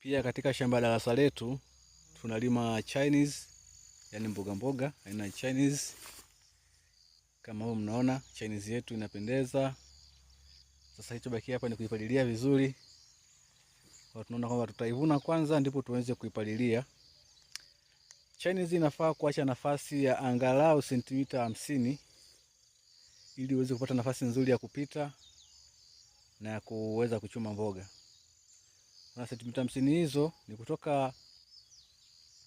Pia katika shamba la darasa letu tunalima Chinese, yani mboga mboga aina ya Chinese. Kama huu mnaona Chinese yetu inapendeza. Sasa hicho baki hapa ni kuipalilia vizuri. Kwa tunaona kwamba tutaivuna kwanza ndipo tuweze kuipalilia. Chinese inafaa kuacha nafasi ya angalau sentimita hamsini ili uweze kupata nafasi nzuri ya kupita na kuweza kuchuma mboga na sentimita hamsini hizo ni kutoka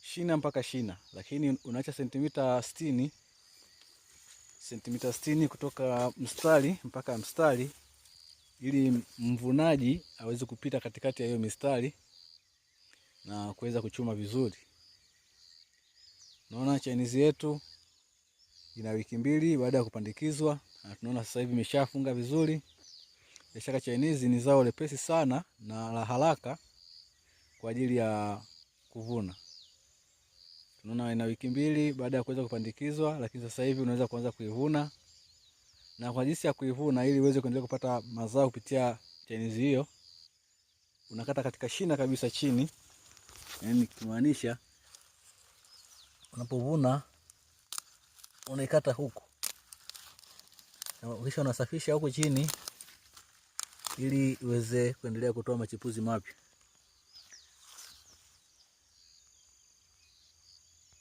shina mpaka shina, lakini unaacha sentimita sitini sentimita sitini kutoka mstari mpaka mstari, ili mvunaji aweze kupita katikati ya hiyo mistari na kuweza kuchuma vizuri. Naona chainizi yetu ina wiki mbili baada ya kupandikizwa, na tunaona sasa hivi imeshafunga vizuri. Biashara chainizi ni zao lepesi sana na la haraka kwa ajili ya kuvuna. Tunaona ina wiki mbili baada ya kuweza kupandikizwa, lakini sasa hivi unaweza kuanza kuivuna. Na kwa jinsi ya kuivuna, ili uweze kuendelea kupata mazao kupitia chainizi hiyo, unakata katika shina kabisa chini, yani kumaanisha unapovuna unaikata huku, kisha unasafisha huku chini ili iweze kuendelea kutoa machipuzi mapya.